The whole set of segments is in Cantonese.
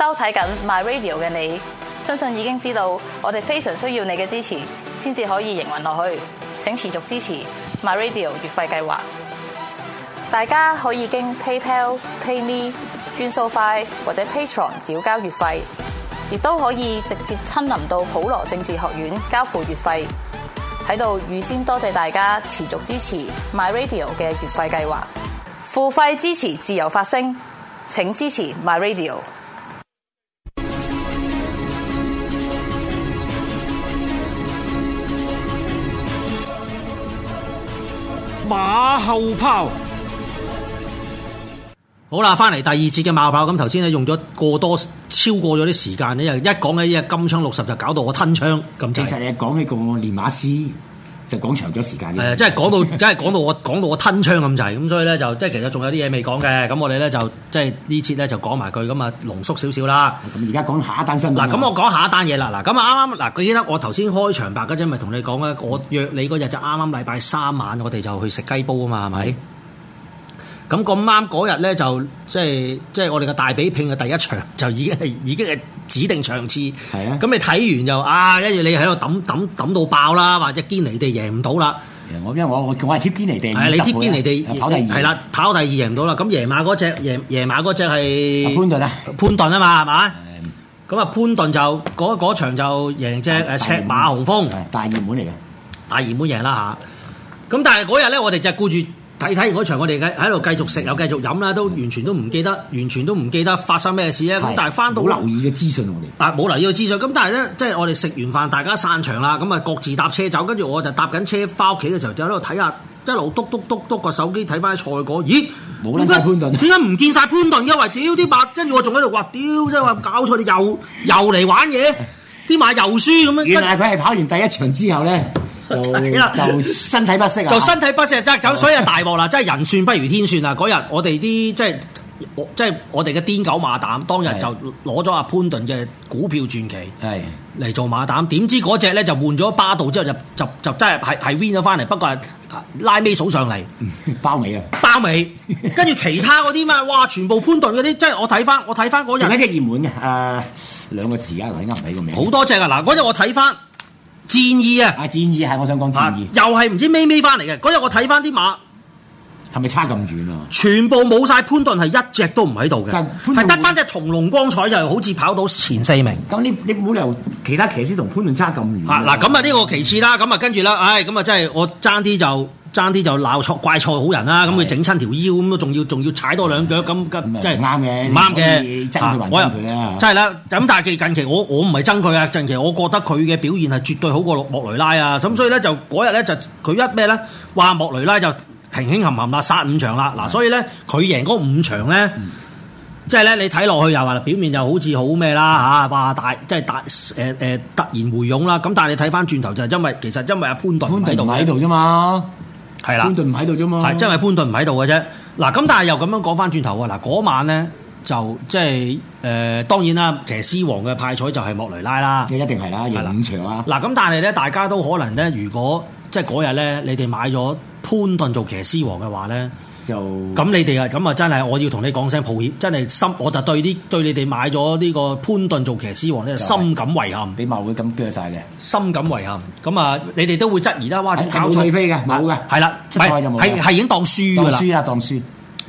收睇緊 My Radio 嘅你，相信已經知道我哋非常需要你嘅支持，先至可以營運落去，請持續支持 My Radio 月費計劃。大家可以經 PayPal、PayMe、轉數快或者 Patreon 繳交月費，亦都可以直接親臨到普羅政治學院交付月費。喺度預先多謝大家持續支持 My Radio 嘅月費計劃，付費支持自由發聲，請支持 My Radio。馬後炮，好啦，翻嚟第二節嘅馬後炮。咁頭先咧用咗過多，超過咗啲時間咧，又一講起因為金槍六十就搞到我吞槍。咁其實你講起個練馬師。就講長咗時間，誒，即係講到，即係講到我講到我吞槍咁滯，咁所以咧就即係其實仲有啲嘢未講嘅，咁我哋咧就，就即係呢次咧就講埋佢咁啊，濃縮少少啦。咁而家講下一單新聞。嗱，咁我講下一單嘢啦。嗱，咁啊啱啱嗱，佢記得我頭先開場白嗰陣咪同你講咧，我約你嗰日就啱啱禮拜三晚，我哋就去食雞煲啊嘛，係咪？咁咁啱嗰日咧就即係即係我哋嘅大比拼，嘅第一場就已經係已經係指定場次。係啊。咁你睇完就啊，一係你喺度抌抌抌到爆啦，或者堅尼地贏唔到啦。我因為我我係貼堅尼地。你貼堅尼地跑第二。係啦，跑第二贏唔到啦。咁夜晚嗰隻爺爺馬只係潘頓啊，潘頓啊嘛，係嘛？咁啊潘頓就嗰嗰場就贏隻誒赤馬紅楓，大熱門嚟嘅，大熱門贏啦吓。咁但係嗰日咧，我哋就係顧住。睇睇完嗰場，我哋喺喺度繼續食又繼續飲啦，都完全都唔記得，完全都唔記得發生咩事咧。咁是但係翻到好留意嘅資、啊、資訊，我哋啊冇留意嘅資訊。咁但係咧，即係我哋食完飯，大家散場啦，咁啊各自搭車走。跟住我就搭緊車翻屋企嘅時候，就喺度睇下，一路督督督篤個手機睇翻賽果。咦？冇睇點解唔見晒？潘頓因為？屌啲白。跟住我仲喺度話屌，即係話搞錯，你又又嚟玩嘢，啲馬又輸咁樣。原來佢係跑完第一場之後咧。就身體不適啊，就身體不適，啊，即、啊、走就，所以係大鑊啦，即係人算不如天算啊！嗰日我哋啲即係，即係我哋嘅癲狗馬膽，當日就攞咗阿潘頓嘅股票傳奇係嚟做馬膽，點知嗰隻咧就換咗巴道之後就就就真係係係 win 咗翻嚟，不過係拉尾數上嚟包尾美啊包，包尾，跟住其他嗰啲咩哇，全部潘頓嗰啲，即係我睇翻，我睇翻嗰日，有一隻熱門嘅，誒、啊，兩個字應該啊，頭先啱唔啱個名？好多隻啊，嗱，嗰日我睇翻。戰意啊！啊戰意係我想講戰意，又係唔知咩咩翻嚟嘅。嗰日我睇翻啲馬係咪差咁遠啊？全部冇晒潘頓，係一隻都唔喺度嘅，係得翻隻同龍光彩就好似跑到前四名。咁你你冇理由其他騎師同潘頓差咁遠啊啊。啊嗱，咁啊呢個其次啦，咁啊跟住啦，唉，咁啊真係我爭啲就。爭啲就鬧錯怪錯好人啦、啊，咁佢整親條腰咁，都仲要仲要踩多兩腳，咁咁、嗯、即係唔啱嘅，唔啱嘅。我又佢啊，真係啦。咁但係佢近期我我唔係憎佢啊。近期我覺得佢嘅表現係絕對好過莫雷拉、嗯、啊。咁所以咧就嗰日咧就佢一咩咧話莫雷拉就平平冚冚啦，殺五場啦。嗱、嗯啊，所以咧佢贏嗰五場咧，即係咧你睇落去又話表面就好似好咩啦嚇，話、啊、大即係突誒誒突然回勇啦。咁但係你睇翻轉頭就係因為其實因為阿潘頓喺度啫嘛。係啦，潘頓唔喺度啫嘛，係，即係潘頓唔喺度嘅啫。嗱、就是，咁但係又咁樣講翻轉頭啊！嗱，嗰晚咧就即係誒，當然啦，騎師王嘅派彩就係莫雷拉啦，即一定係啦，贏五場啦、啊。嗱，咁但係咧，大家都可能咧，如果即係嗰日咧，你哋買咗潘頓做騎師王嘅話咧。就咁，你哋啊，咁啊，真係我要同你講聲抱歉，真係心，我就對啲對你哋買咗呢個潘頓做騎師王咧，深、就是、感遺憾，俾馬會咁鋸晒嘅，深感遺憾。咁啊，你哋都會質疑啦，哇，搞錯冇飛嘅，冇嘅，係、啊、啦，出係係已經當輸噶啦，當輸啊，當輸。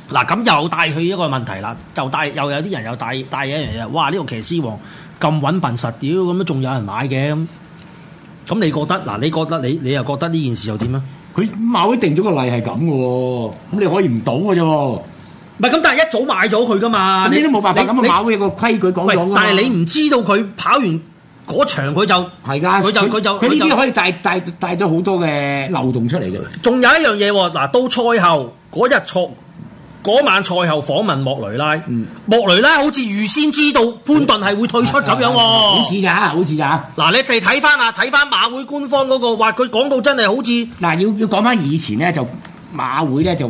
嗱，咁又帶去一個問題啦，就帶又有啲人帶又帶帶一樣嘢。哇，呢、這個騎師王咁穩憑實，屌咁樣仲有人買嘅，咁，咁你覺得嗱？你覺得你你又覺得呢件事又點啊？佢馬會定咗個例係咁嘅，咁你可以唔倒嘅啫。唔係咁，但係一早買咗佢噶嘛。你都冇辦法。咁啊你，馬會個規矩講講。但係你唔知道佢跑完嗰場，佢就係㗎。佢的他就佢就佢呢啲可以帶帶帶咗好多嘅漏洞出嚟嘅。仲有一樣嘢喎，嗱，到賽後嗰日錯。嗰晚賽後訪問莫雷拉，嗯、莫雷拉好似預先知道潘頓係會退出咁樣，好似㗎，好似㗎。嗱、啊啊啊啊啊啊啊，你哋睇翻啊，睇翻馬會官方嗰、那個話，佢講到真係好似嗱，要要講翻以前咧，就馬會咧就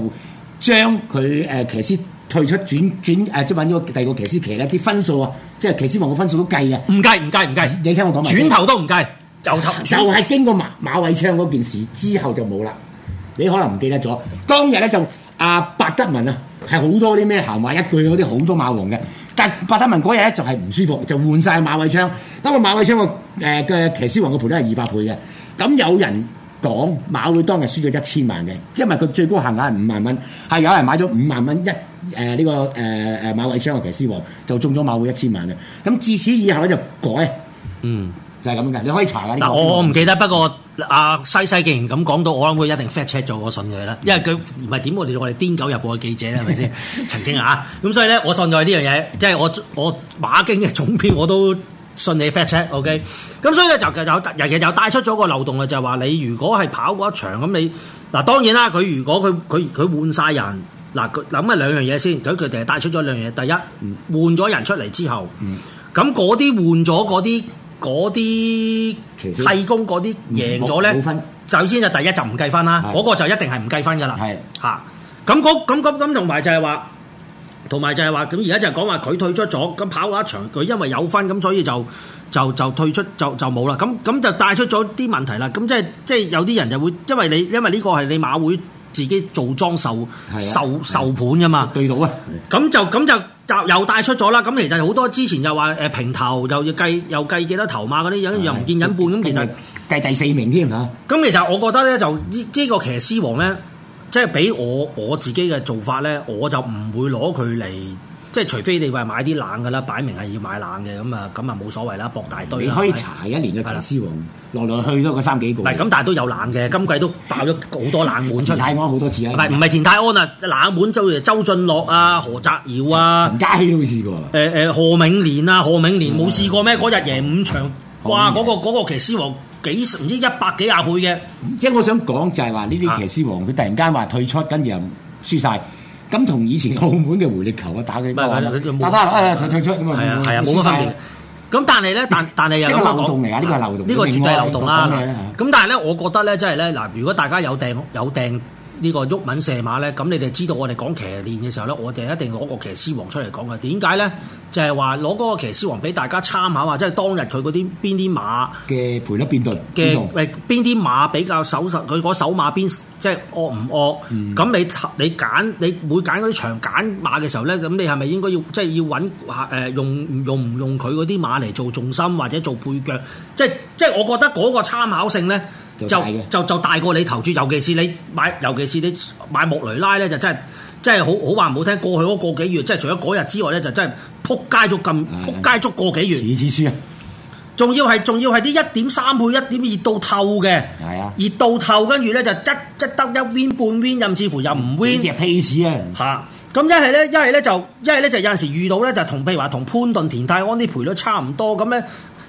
將佢誒騎師退出轉轉誒，即係搵咗第二個騎師騎咧，啲分數啊，即係騎師王嘅分數都計啊，唔計唔計唔計，計計你聽我講埋，轉頭都唔計，以頭就頭就係經過馬馬偉昌嗰件事之後就冇啦，你可能唔記得咗，當日咧就。阿、啊、白德文啊，係好多啲咩行話一句嗰啲好多馬王嘅，但白德文嗰日咧就係唔舒服，就換晒馬偉昌。因為馬偉昌個誒嘅騎師王嘅賠率係二百倍嘅，咁有人講馬會當日輸咗一千萬嘅，因為佢最高限額係五萬蚊，係有人買咗五萬蚊一誒呢個誒誒馬偉昌嘅騎師王，就中咗馬會一千萬嘅。咁至此以後咧就改，嗯，就係咁嘅。你可以查下呢個。嗱，個我我唔記得，不過。阿西西既然咁講到，我諗佢一定 fact check 咗，我信佢啦，因為佢唔係點我哋我哋癲狗日報嘅記者係咪先？曾經啊，咁所以咧，我信咗呢樣嘢，即係我我馬經嘅總編我都信你 fact check OK。咁所以咧就就日日就帶出咗個漏洞啊，就係話你如果係跑過一場咁你嗱當然啦，佢如果佢佢佢換晒人嗱，佢諗啊兩樣嘢先，佢佢哋帶出咗兩樣嘢，第一換咗人出嚟之後，咁嗰啲換咗嗰啲。嗰啲替工嗰啲贏咗咧，首先就分第一就唔計分啦。嗰是 個就一定係唔計分噶啦。係嚇、啊，咁嗰咁咁同埋就係話，同埋就係話，咁而家就係講話佢退出咗，咁跑嗰一場佢因為有分，咁所以就就就退出就就冇啦。咁咁就帶出咗啲問題啦。咁即係即係有啲人就會因為你因為呢個係你馬會自己做莊受受受盤噶嘛，對到啊。咁就咁就。嗯又又帶出咗啦，咁其實好多之前又話誒平頭，又要計又計幾多頭馬嗰啲，又又唔見人半，咁、啊、其實計第四名添嚇。咁其實我覺得咧，就呢呢個騎師王咧，即係俾我我自己嘅做法咧，我就唔會攞佢嚟。即係除非你話買啲冷嘅啦，擺明係要買冷嘅咁啊，咁啊冇所謂啦，博大堆。你可以查一年嘅騎師王，來來去去都嗰三幾個。唔係咁，但係都有冷嘅，今季都爆咗好多冷門出。田泰安好多次啊！唔係唔係田泰安啊，安嗯、冷門周俊樂啊、何澤堯啊。陳嘉熙都試過。誒誒、欸，何明年啊？何明年冇試過咩？嗰日、嗯、贏五場，哇！嗰、嗰個嗰、嗰個騎師王幾唔知一百幾廿倍嘅。即係我想講就係話呢啲騎師王，佢突然間話退出，跟住又輸曬。咁同以前澳門嘅回力球啊打嘅，打翻啊，退出咁啊，係啊，係啊，冇乜分別。咁但係咧，但但係又有，呢個漏洞嚟啊，呢個漏洞，呢個絕對漏洞啦。咁的但係咧，我覺得咧，即係咧，嗱，如果大家有訂，有訂，呢個毓民射馬咧，咁你哋知道我哋講騎練嘅時候咧，我哋一定攞個騎師王出嚟講嘅。點解咧？就係話攞嗰個騎師王俾大家參考下，話即係當日佢嗰啲邊啲馬嘅賠率變動嘅，誒邊啲馬比較守實，佢嗰手馬邊即係惡唔惡？咁、嗯、你你揀你每揀嗰啲場揀馬嘅時候咧，咁你係咪應該要即係要揾誒用用唔用佢嗰啲馬嚟做重心或者做背腳？即即係我覺得嗰個參考性咧。就就就大過你投注，尤其是你買，尤其是你買莫雷拉咧，就真係真係好好話唔好聽，過去嗰個幾月，即係除咗嗰日之外咧，就真係撲街咗咁，撲街、哎呀、撲街足個幾月。啊！仲要係仲要係啲一點三倍、一點二到透嘅，係啊！熱到透跟住咧，就一一得一 win 半 win，甚至乎又唔 win。你只屁屎啊！嚇！咁一係咧，一係咧就一係咧就有陣時遇到咧，就同譬如話同潘頓、田泰安啲賠率差唔多咁咧。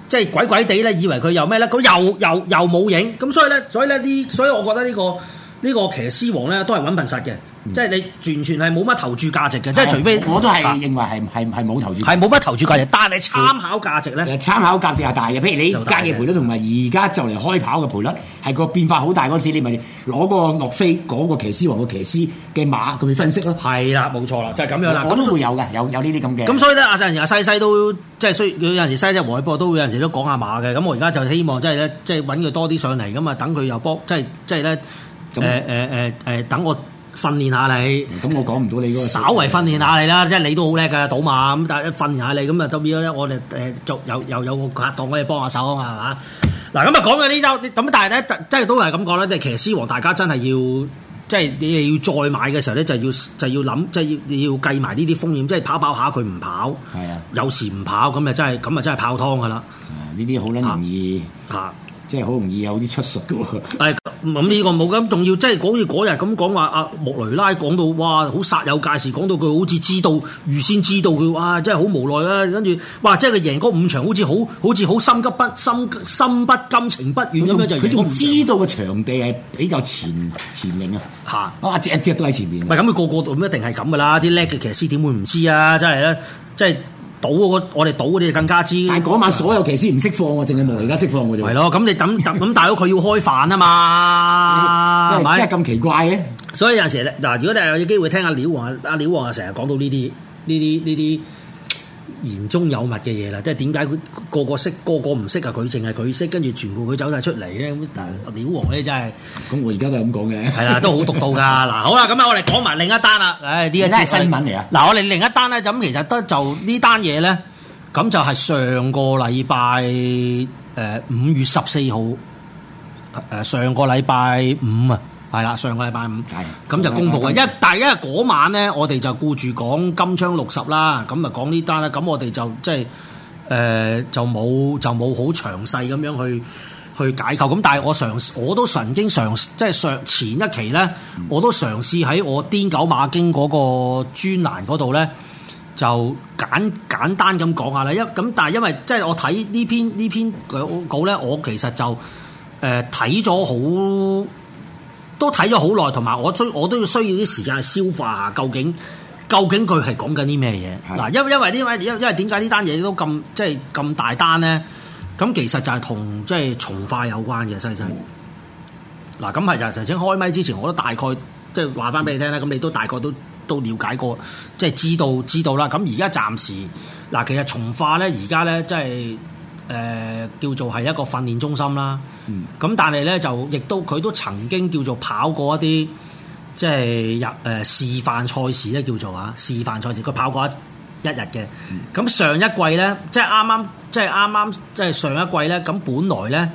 即係鬼鬼地咧，以為佢又咩咧，佢又又又冇影，咁所以咧，所以咧啲，所以我覺得呢個。呢個騎師王咧都係揾笨實嘅，嗯、即係你完全係冇乜投注價值嘅，啊、即係除非我，我都係認為係係係冇投注，係冇乜投注價值，是但係你參考價值咧，參考價值係大嘅。譬如你加嘅大賠率同埋而家就嚟開跑嘅賠率係個變化好大嗰時，你咪攞個岳飛嗰個騎師王、個騎師嘅馬佢哋分析咯。係啦，冇、啊、錯啦，就係、是、咁樣啦。咁都會有嘅那，有有呢啲咁嘅。咁所以咧，阿鄭又西西都即係需有陣時西西和海波都會有陣時都講下馬嘅。咁我而家就希望即係咧，即係揾佢多啲上嚟，咁啊等佢又幫，即係即係咧。誒誒誒誒，等我訓練下你。咁我講唔到你嗰個。稍為訓練下你啦，即係你都好叻㗎，賭馬咁。但係一訓練下你，咁啊，代表咧，我哋誒做又又有個客檔可以幫下手啊嘛，係嘛？嗱，咁啊講緊呢週，咁但係咧，即係都係咁講啦。其實騎師王，大家真係要，即係你哋要再買嘅時候咧，就要就要諗，即係要要計埋呢啲風險，即係跑跑下佢唔跑，有時唔跑，咁啊真係，咁啊真係泡湯㗎啦。呢啲好撚容易嚇。即係好容易有啲出術嘅喎、 嗯。係，咁呢個冇咁重要。即係講起嗰日咁講話，阿莫雷拉講到哇，好煞有介事，講到佢好似知道預先知道佢哇，真係好無奈啊！」跟住哇，即係佢贏嗰五場好，好似好好似好心急不心心不甘情不願咁樣就贏。佢仲知道個場地係比較前前面啊。嚇、啊！哇，隻隻都喺前面。咪咁佢個個都一定係咁嘅啦。啲叻嘅騎師點會唔知啊？真係啦，即係。賭我哋賭嗰啲更加知，但嗰晚所有騎師唔識放，我淨係而家識放嘅啫。係咯的，咁你等咁大佬佢要開飯啊嘛，係咪？ 即係咁奇怪嘅。所以有陣時咧嗱，如果你係有機會聽阿廖王阿廖王啊，成日講到呢啲呢啲呢啲。言中有物嘅嘢啦，即係點解佢個個識，個個唔識啊？佢淨係佢識，跟住全部佢走晒出嚟咧。但係鳥王咧真係，咁我而家就係咁講嘅。係啦，都 好獨到㗎。嗱，好啦，咁啊，我哋講埋另一單啦。唉，呢一次新聞嚟啊。嗱，我哋另一單咧，咁其實都就呢單嘢咧，咁就係上個禮拜誒五月十四號，誒上個禮拜五啊。係啦，上個禮拜五，咁的就公布嘅。一但係，因為嗰晚咧，我哋就顧住講金槍六十啦，咁啊講呢單咧，咁我哋就即係誒，就冇就冇好詳細咁樣去去解構。咁但係我嘗我都曾經嘗即係上前一期咧，我都嘗試喺我癲狗馬經嗰個專欄嗰度咧，就簡簡單咁講下咧。一咁但係因為即係我睇呢篇呢篇稿稿咧，我其實就誒睇咗好。呃都睇咗好耐，同埋我追我都要需要啲時間去消化下究竟究竟佢係講緊啲咩嘢？嗱是的，因為因為呢位因因為點解、就是、呢單嘢都咁即係咁大單咧？咁其實就係同即係從化有關嘅，西西嗱，咁係就頭先開咪之前，我都大概即係話翻俾你聽啦。咁你都大概都都瞭解過，即、就、係、是、知道知道啦。咁而家暫時嗱，其實從化咧，而家咧即係。就是誒、呃、叫做係一個訓練中心啦，咁、嗯、但係呢，就亦都佢都曾經叫做跑過一啲，即係入誒示範賽事咧叫做啊示範賽事，佢跑過一，一日嘅。咁、嗯、上一季呢，即係啱啱，即係啱啱，即係上一季呢。咁本來呢，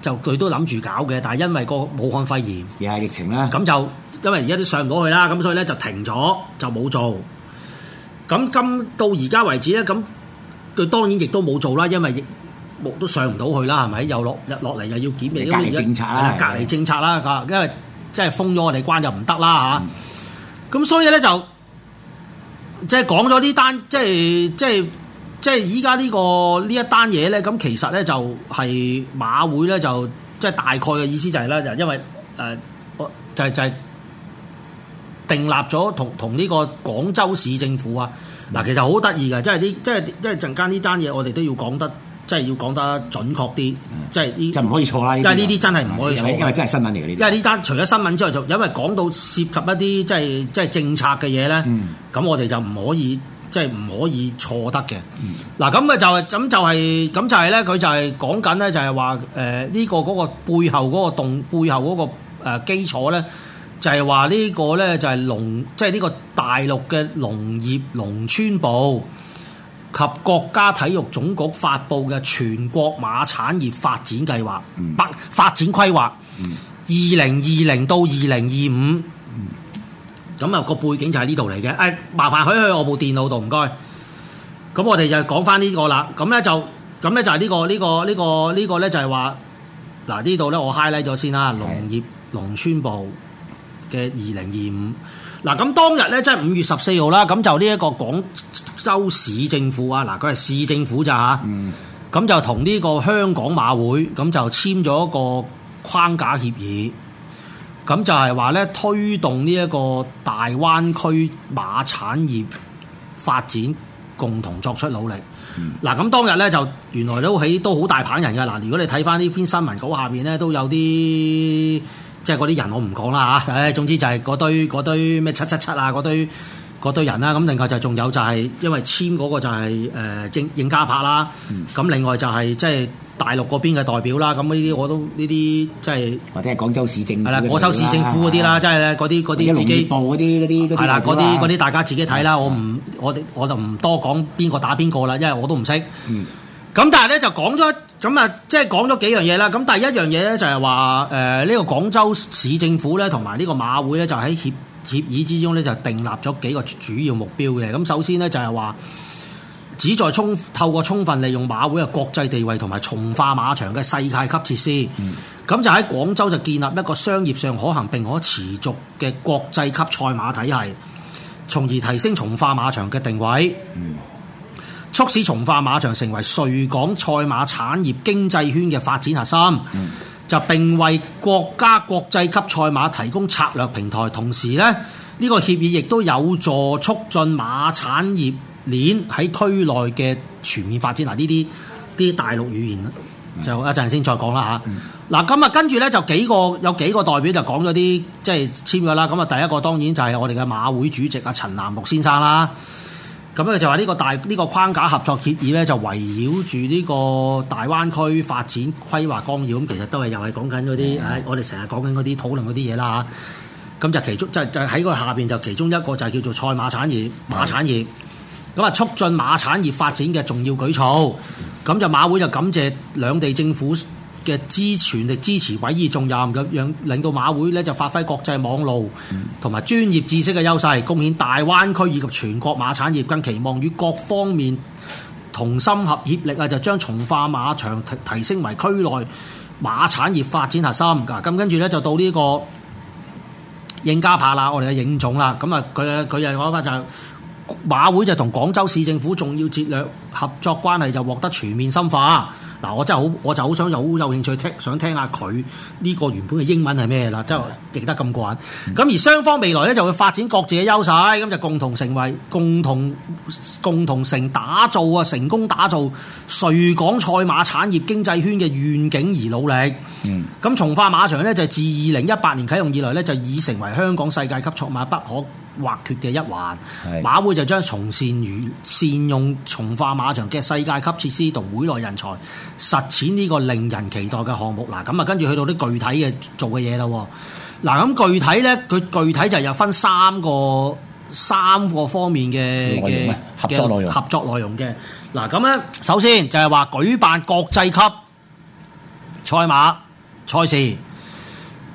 就佢都諗住搞嘅，但係因為個武漢肺炎而家疫情啦、啊。咁就因為而家都上唔到去啦，咁所以呢，就停咗，就冇做。咁今到而家為止呢。咁。佢當然亦都冇做啦，因為疫幕都上唔到去啦，係咪？又落日落嚟又要檢疫，隔離政策啦，隔離政策啦，因為即係封咗我哋關就唔得啦嚇。咁所以咧就即係講咗呢單，即係即係即係依家呢個呢一單嘢咧，咁其實咧就係馬會咧就即係大概嘅意思就係啦，就因為誒，就就是、訂立咗同同呢個廣州市政府啊。嗱，其實好得意㗎，即係呢，即係即係陣間呢單嘢，我哋都要講得，即係要講得準確啲，即係呢，就唔可以錯啦，因為呢啲真係唔可以錯，因為真係新聞嚟嘅呢，因為呢單除咗新聞之外，就因為講到涉及一啲即係即係政策嘅嘢咧，咁、嗯、我哋就唔可以即係唔可以錯得嘅。嗱、嗯，咁嘅就係、係、咁就係咁就係咧，佢就係講緊咧，就係話誒呢個嗰個背後嗰個動背後嗰、嗰個、呃、基礎咧。就係話呢個呢，就係農即係呢個大陸嘅農業農村部及國家體育總局發布嘅全國馬產業發展計劃，嗯、發展規劃，二零二零到二零二五。咁啊個背景就喺呢度嚟嘅。誒、哎，麻煩可去，去我部電腦度，唔該。咁我哋就講翻呢個啦。咁呢，就，咁咧就係呢、這個呢、這個呢、這個呢、這個呢，就係話，嗱呢度呢，我 highlight 咗先啦，農業農村部。嘅二零二五，嗱咁、啊、當日呢，即係五月十四號啦。咁就呢一個廣州市政府啊，嗱佢係市政府咋，咁、嗯、就同呢個香港馬會咁就簽咗一個框架協議，咁就係話呢，推動呢一個大灣區馬產業發展，共同作出努力。嗱咁、嗯啊、當日呢，就原來都起都好大棚人㗎，嗱、啊。如果你睇翻呢篇新聞稿下面呢，都有啲。即係嗰啲人我唔講啦嚇，唉，總之就係嗰堆嗰堆咩七七七啊，嗰堆嗰堆人啦，咁另外就仲有就係因為簽嗰個就係誒政應家柏啦，咁、嗯、另外就係即係大陸嗰邊嘅代表啦，咁呢啲我都呢啲即係或者係廣州市政府係啦，廣州市政府嗰啲啦，即係咧嗰啲嗰啲自己部嗰啲嗰啲係啦，嗰啲嗰啲的些大家自己睇啦的，我唔我我就唔多講邊個打邊個啦，因為我都唔識。嗯。咁但係咧就講咗咁啊，即係講咗幾樣嘢啦。咁第一樣嘢咧就係話，誒、呃、呢、這個廣州市政府咧同埋呢個馬會咧就喺協協議之中咧就訂立咗幾個主要目標嘅。咁首先咧就係話，旨在充透過充分利用馬會嘅國際地位同埋從化馬場嘅世界級設施，咁、嗯、就喺廣州就建立一個商業上可行並可持續嘅國際級賽馬體系，從而提升從化馬場嘅定位。嗯。促使從化馬場成為穗港賽馬產業經濟圈嘅發展核心，嗯、就並為國家國際級賽馬提供策略平台，同時呢，呢、呢個協議亦都有助促進馬產業鏈喺區內嘅全面發展。嗱呢啲啲大陸語言、嗯、就一陣先再講啦嚇。嗱、嗯，今日、啊、跟住呢，就幾個有幾個代表就講咗啲即係簽咗啦。咁啊，第一個當然就係我哋嘅馬會主席阿陳南木先生啦。咁咧就話呢個大呢個框架合作協議咧，就圍繞住呢個大灣區發展規劃綱要，咁其實都係又係講緊嗰啲，唉、嗯啊，我哋成日講緊嗰啲討論嗰啲嘢啦嚇。咁就其中就就喺個下邊就其中一個就叫做賽馬產業馬產業，咁啊促進馬產業發展嘅重要舉措。咁就、嗯、馬會就感謝兩地政府。嘅支持力支持委以重任咁樣，令到馬會咧就發揮國際網路同埋專業知識嘅優勢，貢獻大灣區以及全國馬產業。更期望與各方面同心合協力啊，就將從化馬場提升為區內馬產業發展核心。嗱，咁跟住咧就到呢個應家柏啦，我哋嘅應總啦。咁啊，佢佢嘅講法就係馬會就同廣州市政府重要戰略合作關係就獲得全面深化。嗱，我真係好，我就好想有有興趣聽，想聽下佢呢個原本嘅英文係咩啦，即係記得咁過癮。咁而雙方未來咧就會發展各自嘅優勢，咁就共同成為共同共同成打造啊成功打造穗港賽馬產業經濟圈嘅願景而努力。咁、嗯、從化馬場咧就自二零一八年啟用以來咧就已成為香港世界級賽馬不可。或缺嘅一環，的馬會就將從善與善用從化馬場嘅世界級設施同會內人才，實踐呢個令人期待嘅項目。嗱，咁啊跟住去到啲具體嘅做嘅嘢啦。嗱，咁具體咧，佢具體就有分三個三個方面嘅嘅的合作內容合作內容嘅。嗱，咁咧首先就係話舉辦國際級賽馬賽事。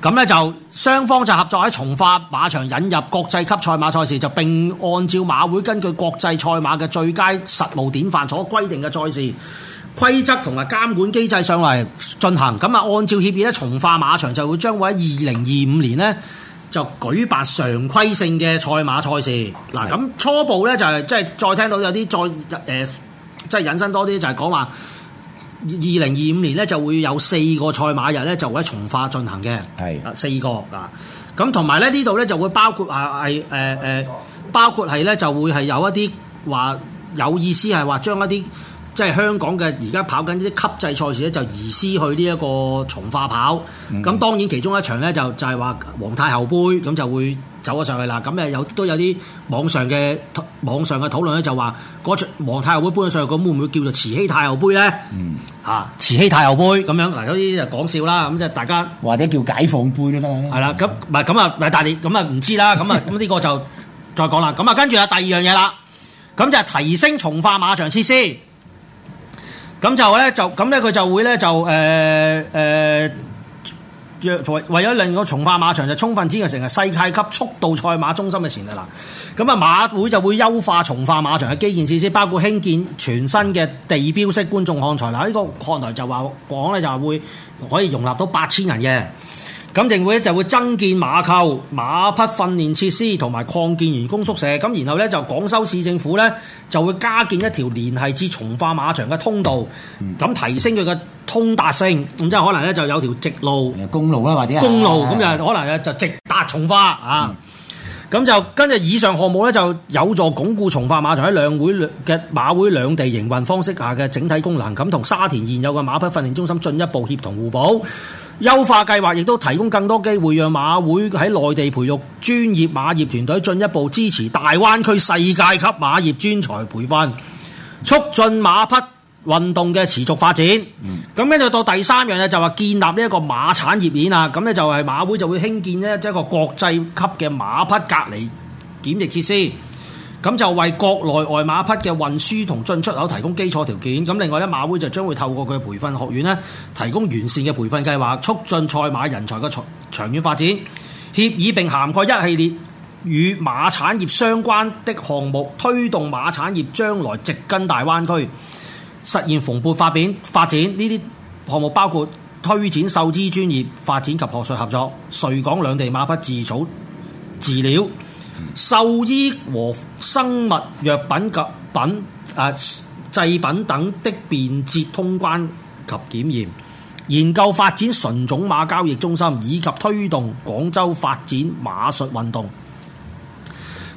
咁咧就雙方就合作喺從化馬場引入國際級賽馬賽事，就並按照馬會根據國際賽馬嘅最佳實務典範所規定嘅賽事規則同埋監管機制上嚟進行。咁啊，按照協議咧，從化馬場就會將會喺二零二五年咧就舉辦常規性嘅賽馬賽事。嗱的，咁初步咧就係、是、即係再聽到有啲再誒、呃，即係引申多啲就係講話。二零二五年咧就會有四個賽馬日咧就會喺從化進行嘅，係啊是四個啊，咁同埋咧呢度咧就會包括啊係誒誒，包括係咧就會係有一啲話有意思係話將一啲即係香港嘅而家跑緊啲級制賽事咧就移師去呢一個從化跑，咁、嗯嗯、當然其中一場咧就就係、是、話皇太后杯咁就會，走咗上去啦，咁誒有都有啲網上嘅網上嘅討論咧，就話嗰皇太后杯搬咗上去，咁會唔會叫做慈禧太后杯咧？嗯，嚇慈禧太后杯咁樣嗱，有啲就講笑啦，咁即係大家或者叫解放杯都得。係啦，咁唔係咁啊，唔係咁啊唔知啦，咁啊咁呢個就再講啦。咁啊 跟住啊第二樣嘢啦，咁就係提升從化馬場設施，咁就咧就咁咧佢就會咧就誒誒。呃呃為咗令個從化馬場就充分展現成為世界級速度賽馬中心嘅潛力啦，咁啊馬會就會優化從化馬場嘅基建設施，包括興建全新嘅地標式觀眾看台啦。呢、這個看台就話講咧就係會可以容納到八千人嘅。咁定會咧就會增建馬廄、馬匹訓練設施同埋擴建員工宿舍。咁然後咧就廣州市政府咧就會加建一條連係至從化馬場嘅通道，咁提升佢嘅通達性。然之後可能咧就有條直路公路啦，啊，或者公路咁就可能就直達從化啊。咁就跟住以上項目咧就有助鞏固從化馬場喺兩會嘅馬會兩地營運方式下嘅整體功能，咁同沙田現有嘅馬匹訓練中心進一步協同互補。優化計劃亦都提供更多機會，讓馬會喺內地培育專業馬業團隊，進一步支持大灣區世界級馬業專才培訓，促進馬匹運動嘅持續發展。咁跟住到第三樣咧，就話、是、建立呢一個馬產業鏈啊。咁咧就係馬會就會興建呢即一個國際級嘅馬匹隔離檢疫設施。咁就為國內外馬匹嘅運輸同進出口提供基礎條件。咁另外咧，馬會就將會透過佢嘅培訓學院咧，提供完善嘅培訓計劃，促進賽馬人才嘅長遠發展。協議並涵蓋一系列與馬產業相關的項目，推動馬產業將來植根大灣區，實現蓬勃發展。發展呢啲項目包括推展獸醫專業發展及學術合作，穗港兩地馬匹自草飼料。獸醫和生物藥品及品啊製品等的便捷通關及檢驗，研究發展純種馬交易中心，以及推動廣州發展馬術運動。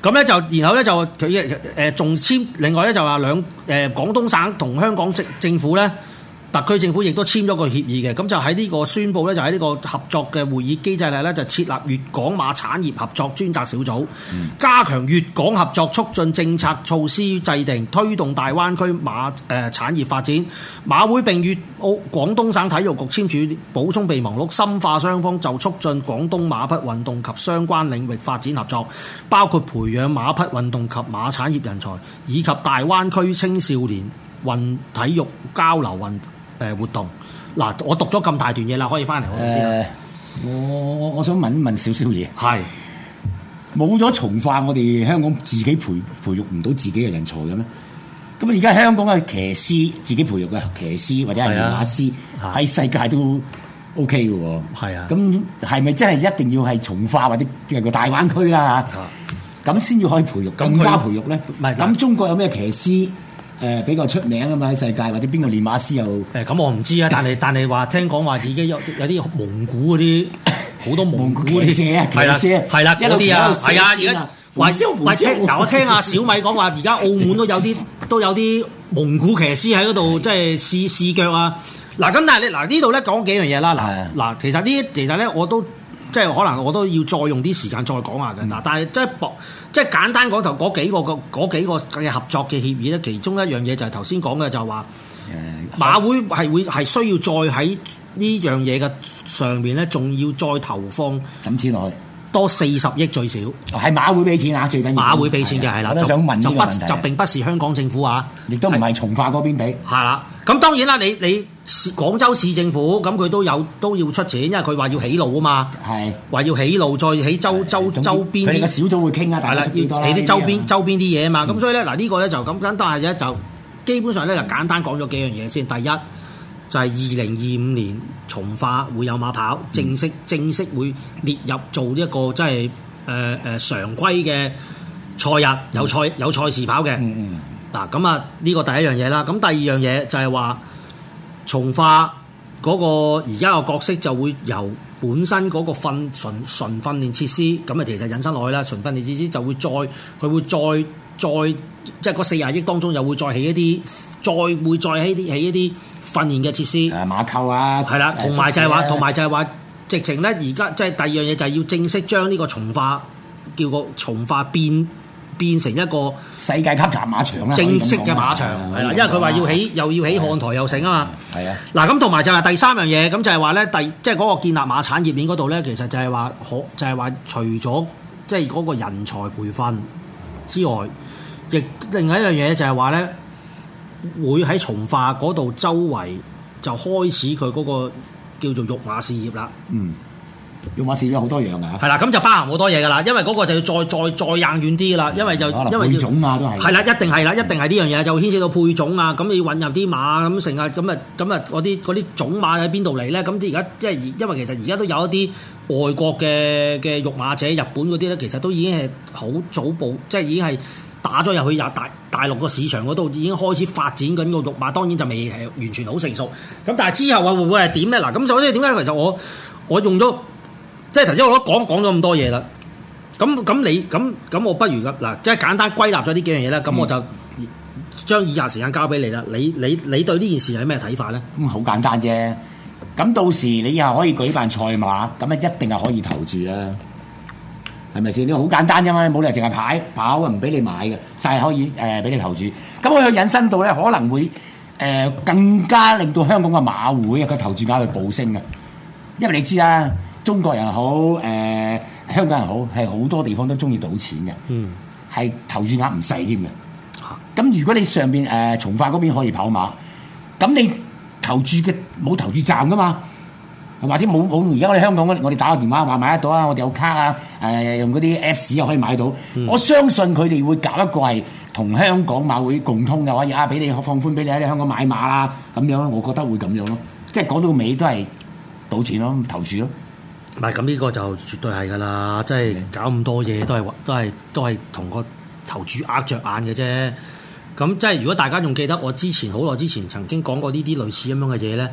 咁咧就，然後咧就佢誒仲簽，另外咧就話兩誒廣東省同香港政政府咧。特區政府亦都簽咗個協議嘅，咁就喺呢個宣佈咧，就喺呢個合作嘅會議機制下咧，就設立粵港馬產業合作專責小組，加強粵港合作，促進政策措施制定，推動大灣區馬誒、呃、產業發展。馬會並與澳廣東省體育局簽署補充備忘錄，深化雙方就促進廣東馬匹運動及相關領域發展合作，包括培養馬匹運動及馬產業人才，以及大灣區青少年運體育交流運動。誒活動嗱，我讀咗咁大段嘢啦，可以翻嚟。誒，我我想問問少少嘢。係冇咗從化，我哋香港自己培培育唔到自己嘅人才嘅咩？咁而家香港嘅騎師自己培育嘅騎師或者係馬師喺、啊啊、世界都 O K 嘅喎。啊，咁係咪真係一定要係從化或者個大灣區啦、啊？咁先要可以培育，更加培育咧？咁中國有咩騎師？誒，比較出名啊嘛，喺世界，或者邊個練馬師又誒，咁我唔知啊，但係但係話聽講話自己有有啲蒙古嗰啲好多蒙古騎師啊，騎師啊，係啦，一啲啊，係啊，而家或或聽嗱我聽阿小米講話，而家澳門都有啲都有啲蒙古騎師喺嗰度，即係試試腳啊。嗱、啊、咁但係你嗱呢度咧講幾樣嘢啦。嗱、啊、嗱，其實呢其實咧我都。即係可能我都要再用啲時間再講下嘅嗱，嗯、但係即係博即係簡單嗰頭嗰幾個幾個嘅合作嘅協議咧，其中一樣嘢就係頭先講嘅就係、是、話，誒、嗯、馬會係會係需要再喺呢樣嘢嘅上面咧，仲要再投放咁錢落去，多四十億最少，係、嗯、馬會俾錢啊，最緊要馬會俾錢嘅係啦，的的想問，問就並就，就並不是香港政府啊，亦都唔係從化嗰邊俾係啦。咁當然啦，你你市廣州市政府咁佢都有都要出錢，因為佢話要起路啊嘛，話係要起路再起周周周邊啲小組會傾啊，大家大要起啲周邊周邊啲嘢啊嘛，咁、嗯、所以咧嗱呢、這個咧就咁樣，但係咧就基本上咧就簡單講咗幾樣嘢先。第一就係二零二五年從化會有馬跑，嗯、正式正式會列入做一、這個即係誒誒常規嘅賽日，有賽有賽，有賽事跑嘅。嗯嗯嗱咁啊，呢個第一樣嘢啦。咁第二樣嘢就係話，從化嗰個而家個角色就會由本身嗰個訓純純訓練設施，咁啊其實引申落去啦，純訓練設施就會再佢會再再即係嗰四廿億當中，又會再起一啲，再會再起啲起一啲訓練嘅設施。誒馬廄啊，係啦、啊，同埋就係話，同埋，啊，就係話，直情咧而家即係第二樣嘢，就係要正式將呢個從化叫個從化變。變成一個世界級馬場啦，正式嘅馬場係啦，因為佢話要起又要起看台又成啊嘛。係啊、嗯，嗱咁同埋就係第三樣嘢，咁就係話咧，第即係嗰個建立馬產業鏈嗰度咧，其實就係話可就係、是、話除咗即係嗰個人才培訓之外，亦另外一樣嘢就係話咧，會喺從化嗰度周圍就開始佢嗰個叫做育馬事業啦。嗯。育馬試咗好多樣㗎、啊，係啦，咁就包含好多嘢㗎啦。因為嗰個就要再再再硬遠啲㗎啦。因為就可能、啊、配種啊，都係係啦，一定係啦，嗯、一定係呢樣嘢就牽涉到配種啊。咁你要引入啲馬咁成啊，咁啊，咁啊，嗰啲啲種馬喺邊度嚟咧？咁啲而家即係因為其實而家都有一啲外國嘅嘅育馬者，日本嗰啲咧，其實都已經係好早步，即係已經係打咗入去大大陸個市場嗰度，已經開始發展緊個育馬。當然就未係完全好成熟。咁但係之後會唔會係點咧？嗱，咁所以點解其實我我用咗。即係頭先我都講講咗咁多嘢啦，咁咁你咁咁我不如嗱，即係簡單歸納咗呢幾樣嘢啦。咁我就將以下時間交俾你啦。你你你對呢件事係咩睇法咧？咁好、嗯、簡單啫。咁到時你又可以舉辦賽馬，咁啊一定係可以投注啦。係咪先？你好簡單嘅嘛，冇理由淨係牌跑啊，唔俾你買嘅，曬可以誒俾、呃、你投注。咁我去引申到咧，可能會誒、呃、更加令到香港嘅馬會個投注額去暴升嘅，因為你知啦。中國人好，誒、呃、香港人好，係好多地方都中意賭錢嘅，係、嗯、投注額唔細添嘅。咁如果你上邊誒從化嗰邊可以跑馬，咁你投注嘅冇投注站㗎嘛？或者冇冇而家我哋香港我哋打個電話買買得到啊！我哋有卡啊，誒、呃、用嗰啲 Apps 又可以買到。嗯、我相信佢哋會搞一個係同香港馬會共通嘅話，而阿俾你放寬俾你喺你香港買馬啦，咁樣咯，我覺得會咁樣咯。即係講到尾都係賭錢咯，投注咯，咯。唔係，咁呢個就絕對係噶啦，即係搞咁多嘢都係，都係，都係同個投注壓着眼嘅啫。咁即係如果大家仲記得我之前好耐之前曾經講過呢啲類似咁樣嘅嘢咧，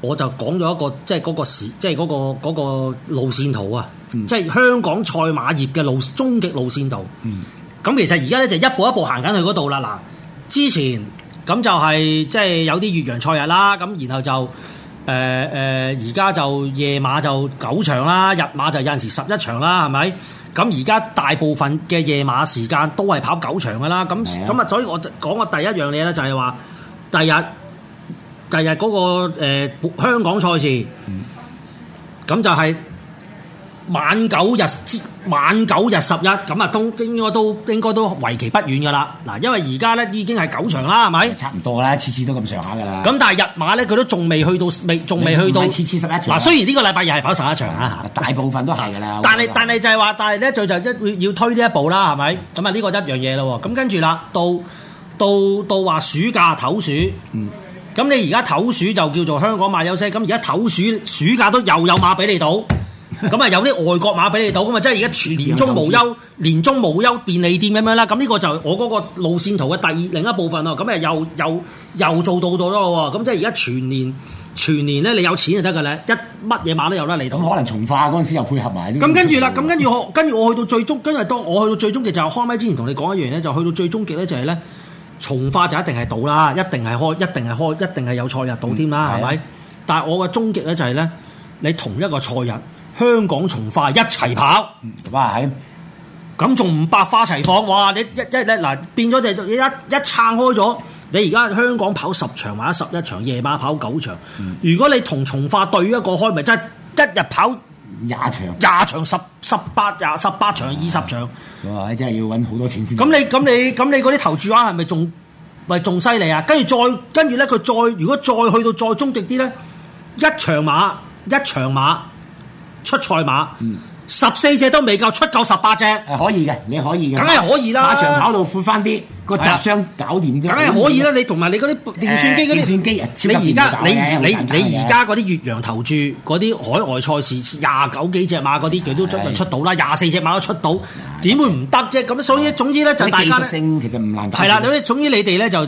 我就講咗一個即係嗰個時，即係嗰、嗰個嗰個路線圖啊，嗯、即係香港賽馬業嘅路終極路線圖。咁、嗯、其實而家咧就是、一步一步行緊去嗰度啦。嗱，之前咁就係、是、即係有啲越洋賽日啦，咁然後就。誒誒，而家、呃、就夜馬就九場啦，日馬就有陣時十一場啦，係咪？咁而家大部分嘅夜馬時間都係跑九場噶啦，咁咁啊！哦、所以我講嘅第一樣嘢咧，就係話，第二、第二嗰、嗰個、呃、香港賽事，咁、嗯、就係、係。晚九日晚九日十一咁啊，都應該都應該都為期不遠噶啦。嗱，因為而家咧已經係九場啦，係咪？差唔多啦，次次都咁上下噶啦。咁但係日馬咧，佢都仲未去到，未仲未去到。次次十一場。嗱，雖然呢個禮拜又係跑十一場啊，大部分都係噶啦。但係但係就係話，但係咧就就一要推呢一步啦，係咪？咁啊，呢個一樣嘢咯。咁跟住啦，到到到話暑假唞暑，咁、嗯、你而家唞暑就叫做香港馬優勢。咁而家唞暑暑假都又有馬俾你賭。咁啊，有啲外國馬俾你賭，咁啊，即係而家全年終無憂，年終無憂便利店咁樣啦。咁呢個就我嗰個路線圖嘅第二另一部分咯。咁啊，又又又做到到多喎。咁即係而家全年全年咧，你有錢就得㗎咧。一乜嘢馬都有得嚟賭。咁、嗯、可能從化嗰陣時又配合埋啲。咁跟住啦，咁 跟住我，跟住我去到最終，跟住當我去到最終極就係、是、開咪之前同你講一樣嘢，就去到最終極咧就係、是、咧，從化就一定係賭啦，一定係開，一定係開，一定係有賽日賭添啦，係咪、嗯？但係我嘅終極咧就係、是、咧，你同一個賽日。香港從化一齊跑，哇！咁仲唔百花齊放？哇！你一一咧嗱，變咗就一一,一撐開咗。你而家香港跑十場或者十一場，夜馬跑九場。嗯、如果你同從化對一個開，咪真係一日跑廿場，廿場十十八廿十八場二十場。場 10, 18, 場哇！真係要搵好多錢先。咁你咁你咁你嗰啲投注額係咪仲咪仲犀利啊？跟住再跟住咧，佢再如果再，再去到再終極啲咧，一場馬一場馬。出賽馬，十四隻都未夠，出夠十八隻，係可以嘅，你可以嘅，梗係可以啦，馬場搞到闊翻啲，個集商搞掂啫，梗係可以啦。你同埋你嗰啲電算機嗰啲，你而家你你你而家嗰啲越洋投注嗰啲海外賽事廿九幾隻馬嗰啲，都都能出到啦，廿四隻馬都出到，點會唔得啫？咁所以總之咧就大家其實唔難，係啦，總之你哋咧就。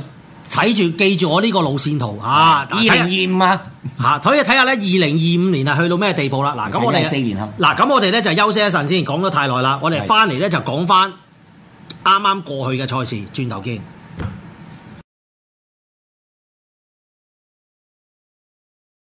睇住，記住我呢個路線圖嚇。二零二五啊，嚇，可以睇下咧，二零二五年啊，去到咩地步啦？嗱， 咁 我哋四年啊，嗱，咁我哋咧就休息一陣先，講咗太耐啦。我哋翻嚟咧就講翻啱啱過去嘅賽事，轉頭見。